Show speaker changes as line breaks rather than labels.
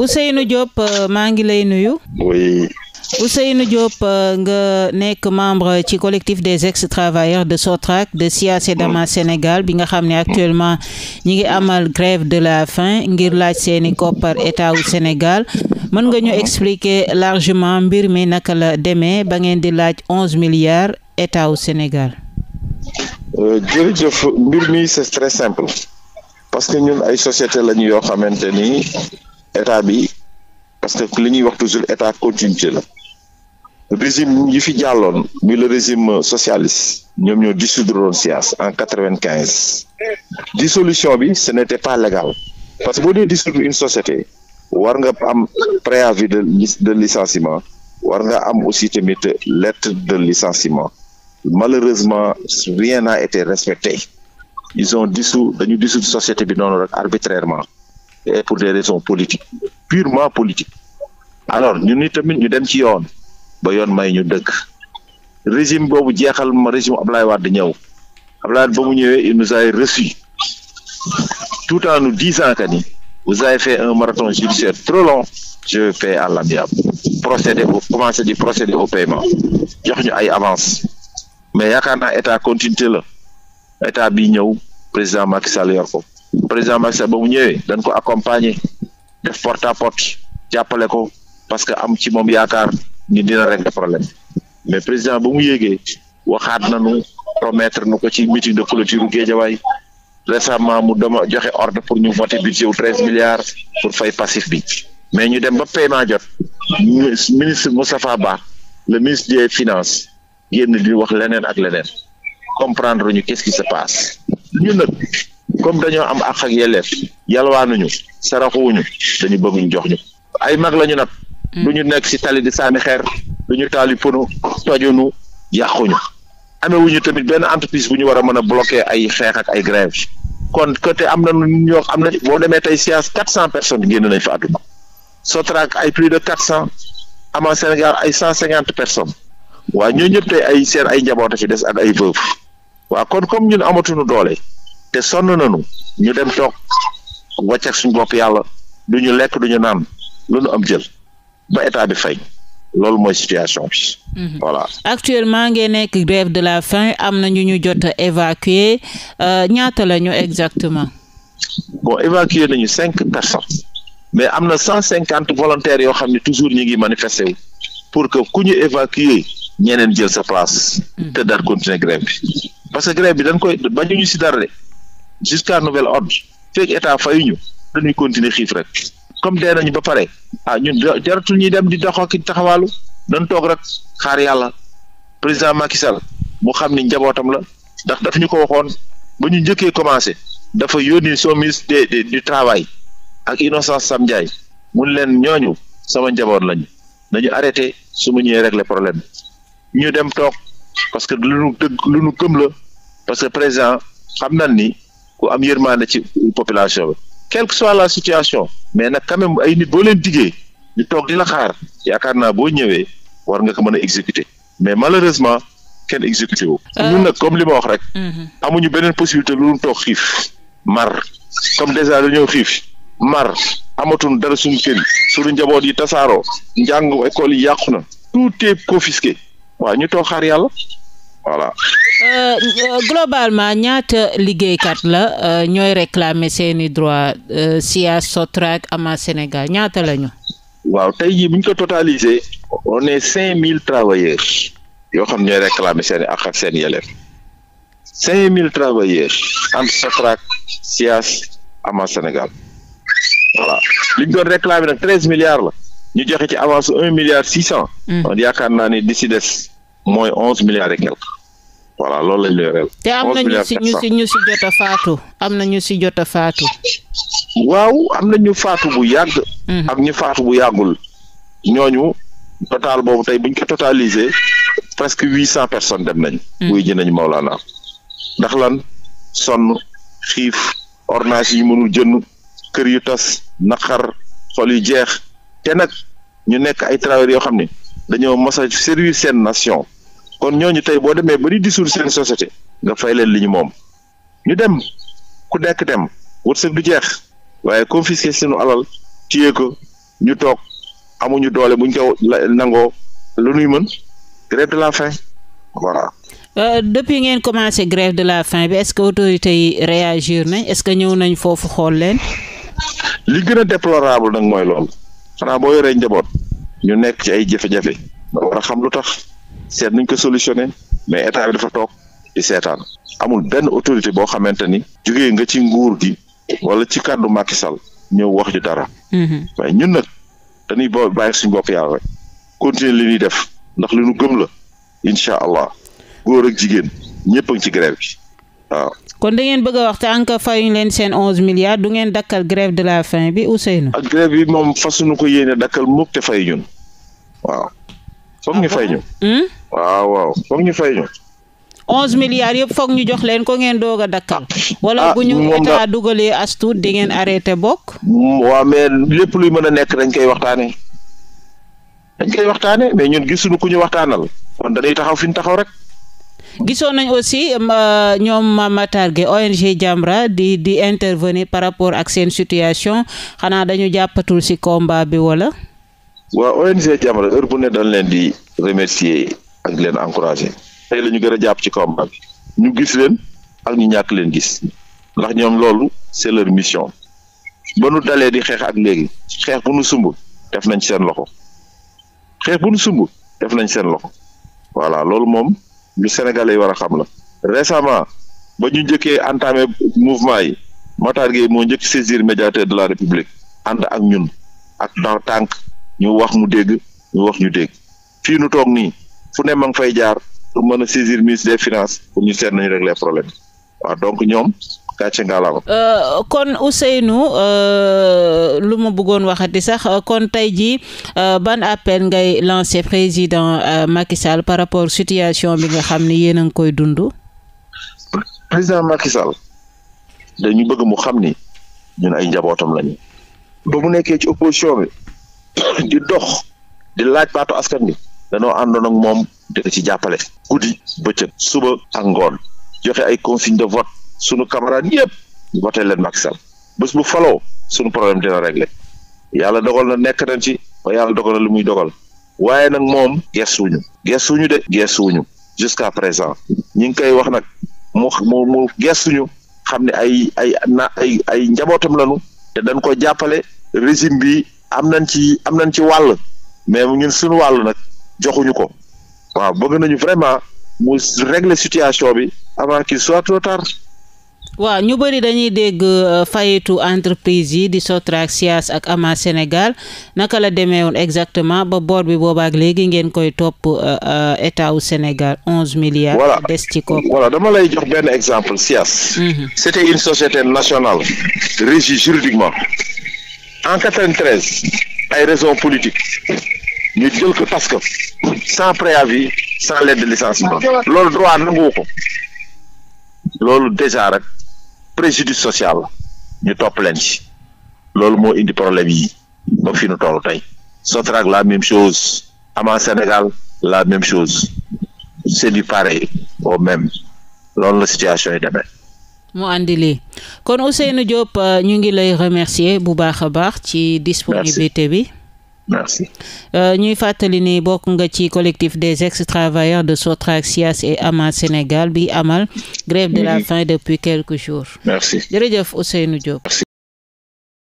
Ousseynou Diop euh, maa ngi lay nuyu. oui. Ousseynou Diop euh, nga nekk membre ci collectif des ex-travailleurs de Sotrac de SIA SEDAMA Sénégal bi nga xam ne actuellement ñi ngi amal grève de la faim ngir laaj seeni koppar état wu Sénégal mën nga ñu expliquer largement mbir mi naka la demee ba ngeen di laaj onze milliards état wu Sénégal.
Euh, jërëjëf c'est très simple parce que ñun ay société lañu yoo xamante ni. état bi parce que li ñuy wax toujours état continuité la régime yi fi jàlloon muy le régime socialiste ñoom ñoo dissoudre SIAS en quatre-vingt-quinze dissolution bi ce n'était pas légal parce que boo dee dissoudre une société war nga am préavis de de licenciement war nga am aussi tamit lettre de licenciement malheureusement rien n'a été respecté ils ont dissous dañu dissoudre société bi noonu rek arbitrairement et euh, pour des raisons politiques purement politiques alors ñun ni tamit ñu dem ci yoon ba yoon may ñu dëkk régime boobu jeexal ma régime Ablaye Wade ñëw Ablaye Wade ba mu ñëwee il nous a reçu tout en nous disant que ni vous avez fait un marathon judiciaire trop long je vais payer à l'amiable procéder au commencer di procéder au paiement jox ñu ay avance mais yaakaar naa état continuité la état bi ñëw président Macky Sall yor ko président Macky Sall ba mu ñëwee dañ ko accompagner def porte à jàppale ko parce que am ci moom yaakaar ni dina régler problème mais président ba mu yéegee na nañu promettre nu ko ci meeting de clôture Guédiawaye récemment mu dama joxe ordre pour ñu voter budget wu treize milliards pour fay passif bi mais ñu dem ba paiement jot ministre Moustapha Ba le ministre des finance génn di wax leneen ak leneen comprendre ñu qu'est-ce qui se passe ñu nag comme dañoo am àq ak yelleef yalwaanuñu saraxuwuñu dañu bëgg ñu jox ñu ay mag lañu nag lu mm. ñu nekk ci tali di sànni xeer lu ñu taali pono tojunu yàquñu amewuñu tamit benn entreprise bu ñu war a mën a bloquer ay xeex ak ay grève kon côté am na ñoo am na boo demee tey SIAS quatre cent personnes génn nañ fa àdduna Sotrac ay plus de quatre cent ama Sénégal ay cent cinquante personnes waa ñoo ñëpp tey ay seen ay njaboot fi des ak ay veuve waa kon comme ñun amatuñu doole te sonn nañu ñu dem toog wàcceeg suñ bopp yàlla du ñu lekk du ñu naan lu ñu am jël ba état bi fay. loolu mooy situation bi. Mhm. voilà
actuellement ngeen nekk grève de la faim am na ñu ñu jot a évacuer euh, ñaata la ñu exactement.
bon évacuer nañu cinq personnes mais am na cent cinquante volontaires yoo xam ne toujours ñu ngi manifester pour que ku ñu évacuer ñeneen jël sa place. Mhm. te daal continuer grève bi parce que grève bi dañ koy bañu ñu si dara de jusqu'à nouvel ordre fekk état fayuñu dañuy continuer xiif rek comme dee nañu ba pare ah ñun jaratul ñuy dem di dox ak taxawaalu dañ toog rek xaar yàlla président Macky Sall mu xam ni njabootam la ndax daf ñu ko waxoon ba ñu njëkkee commencé dafa yónni son ministre de du travail ak Innocence Sam Ndiaye mun leen ñooñu sama njaboot lañu nañu arrêté su ma ñëwee régler problème ñu dem toog parce que lu nu dëgg lu nu gëm la parce que président xam nañ ni. ku am yërmande ci population bi quelle soit la situation mais nag quand même ay nit boo leen diggee ñu toog di xaar yaakaar naa boo ñëwee war nga ko mën a exécuter mais malheureusement kenn exécuté wu. Euh, ñun nag comme li ma wax rek. Mhm. amuñu beneen possibilité lu dul toog xiif. mar comme déjà dañoo xiif mar amatuñ dara suñu kër yi suñu njaboot yi tasaaroo njàng école yàqu na tout est confisqué ñu toog xaar yàlla. voilà.
Euh, euh, globalement ñaata liggéeykat la euh, ñooy réclamer seeni droit euh, SIA SOTRAC AMA Sénégal ñaata lañu.
waaw tey jii bu ñu ko totalisé on cinq mille travailleurs yoo xam ñooy réclamer seen i ak ak seen yelleef cinq mille travailleurs entre SOTRAC SIAS AMA Sénégal voilà li réclamer nag treize milliards la ñu joxe ci avance un milliard six cent. kon mm. yaakaar naa ni di si des. mooy onze milliards et quelque loolu lañ lay réel. te am na ñu si ñu
si jot a faatu am na ñu si jot a faatu. waaw am na ñu faatu bu yàgg. Hmm. ak ñu
faatu bu yàggul ñooñu total boobu tey buñ ko totalisé presque huit cent personnes dem nañ. Hmm. wuy ji nañ Maolana ndax lan sonn xiif ordonnances yi mënul jënd kër yu tas naqar xol yu jeex te nag ñu nekk ay travailleurs yoo xam ne. dañoo mos a servir seen nation kon ñooñu tey boo demee ba di dissoudre seen société nga fay leen li ñu moom ñu dem ku dekk dem wërsëg du jeex waaye confisquer seenu alal téye ko ñu toog amuñu doole buñ ko nangoo lu nuy mën grève de la faim voilà.
Euh, depuis ngeen commencé grève de la faim bi est-ce que autorités yi réagir nañ est-ce que ñëw nañ foofu xool leen.
li gën a déplorable nag mooy loolu xanaa boo yoree njaboot. ñu nekk ci ay jafe-jafe war a xam lu tax seet nuñ ko solutionné mais état dafa toog di seetaan amul benn autorité boo xamante ni jógee nga ci nguur di wala ci kàddu Macky sal ñëw wax ju dara mm-hmm. waaye ñun nag dañuy bo bàyyi suñu bopp yàlla rek continuer li ñuy def ndax li ñu gëm la incha allah góor ak jigéen ñëpp ci grève waaw
kon da ngeen bëgg a wax tànk ñu leen seen onze milliards du ngeen dakkal grève de la faim bi Ousseynou.
ak ah, grève bi moom fasuñu ko yéene dakkal mukk te fay ñun waaw. foog ñu ah fay ñu. Hmm? waaw ñu fay ñu.
onze milliards yëpp foog ñu jox leen ko ngeen doog a dakkal. wala ah, bu ñu état dugalee as di ngeen arrêté bokk.
Mm, waaw mais lépp luy mën a nekk dañ koy waxtaanee. dañ koy waxtaanee mais ñun gisuñu ku ñu waxtaanal kon dañuy taxaw fi ñu taxaw rek.
gisoon nañ aussi euh, ñoom Matar Gueye ONG Jamra di di intervenir par rapport ak seen situation xanaa dañu jàppatul ci combat bi wala.
waaw ONG Jamra heure bu ne dañ leen di remercier ak leen encourager tey la ñu gën a jàpp ci combat bi ñu gis leen ak ñu ñàkk leen gis ndax ñoom loolu c'est leur mission ba nu dalee di xeex ak léegi xeex bu nu sumb def nañ seen loxo xeex bu nu sumb def nañ seen loxo voilà loolu moom. lu Sénégalais yi war a xam la récemment ba ñu njëkkee entamé mouvement yi Matar moo njëkk saisir médiateur de la République ànd ak ñun ak dans tànk ñu wax mu dégg ñu wax ñu dégg fii nu toog nii fu ne ma ngi fay jaar pour mën a saisir ministre des finances pour ñu seet nañu régler problème waaw donc ñoom gàcce ngalaama.
Euh, kon Ousseynou euh, lu ma bëggoon waxati sax euh, kon tey jii ban appel ngay lancé président Macky Sall par rapport situation bi nga xam ni yéen a ngi koy dund.
président Macky Sall dañu bëgg mu xam ni ñun ay njabootam lañu. ba mu nekkee ci opposition bi di dox di laaj baatu askan bi danoo àndoon moom di ci jàppale. guddi bëccëg suba ak ngoon joxe ay consigne de vote. sunu camarade yëpp voté leen Macky Sall bus bu faloo sunu problème dina réglé yàlla dogal na nekk nañ ci ba yàlla dogal na lu muy dogal waaye nag moom gestuwuñu gestuwuñu de gestuwuñu jusqu'à présent ñi ngi koy wax nag mu mu mu gestuñu xam ne ay ay na ay ay njabootam lañu te dañ ko jàppale régime bi am nañ ci am nañ ci wàll mais mu ñun suñu wàll nag joxuñu ko waaw bëgg nañu vraiment mu régler situation bi avant qu'il soit trop
waaw ñu bëri dañuy dégg euh, fayitu entreprise yi di Sotrac SIAS ak AMA Sénégal naka la demee woon exactement ba boor bi boobaak léegi ngeen koy topp euh, euh, état wu Sénégal onze milliards.
voilà des ci ko voilà dama lay jox benn exemple SIAS. Mhm. c'était une société nationale régie juridiquement en 93 ay raisons politiques ñu jël ko parce que sans préavis sans lettre de licenciement loolu droit nanguwu ko loolu déjà rek préjudice social ñu topp leen ci loolu moo indi problème yi ba fi nu toll tey Sotrac la même chose Ama Sénégal la même chose c'est du pareil au même loolu la situation yi demee.
mu àndi lii kon Ousseynou Diop euh, ñu ngi lay remercier bu baax a baax. ci disponibilité bi. merci. Euh, ñuy fàttali ni bokk nga ci collectif des ex-travailleurs de Sotrac SIAS et AMA Sénégal bi amal grève de la faim depuis quelques jours. merci jërëjëf Ousseynou Diop.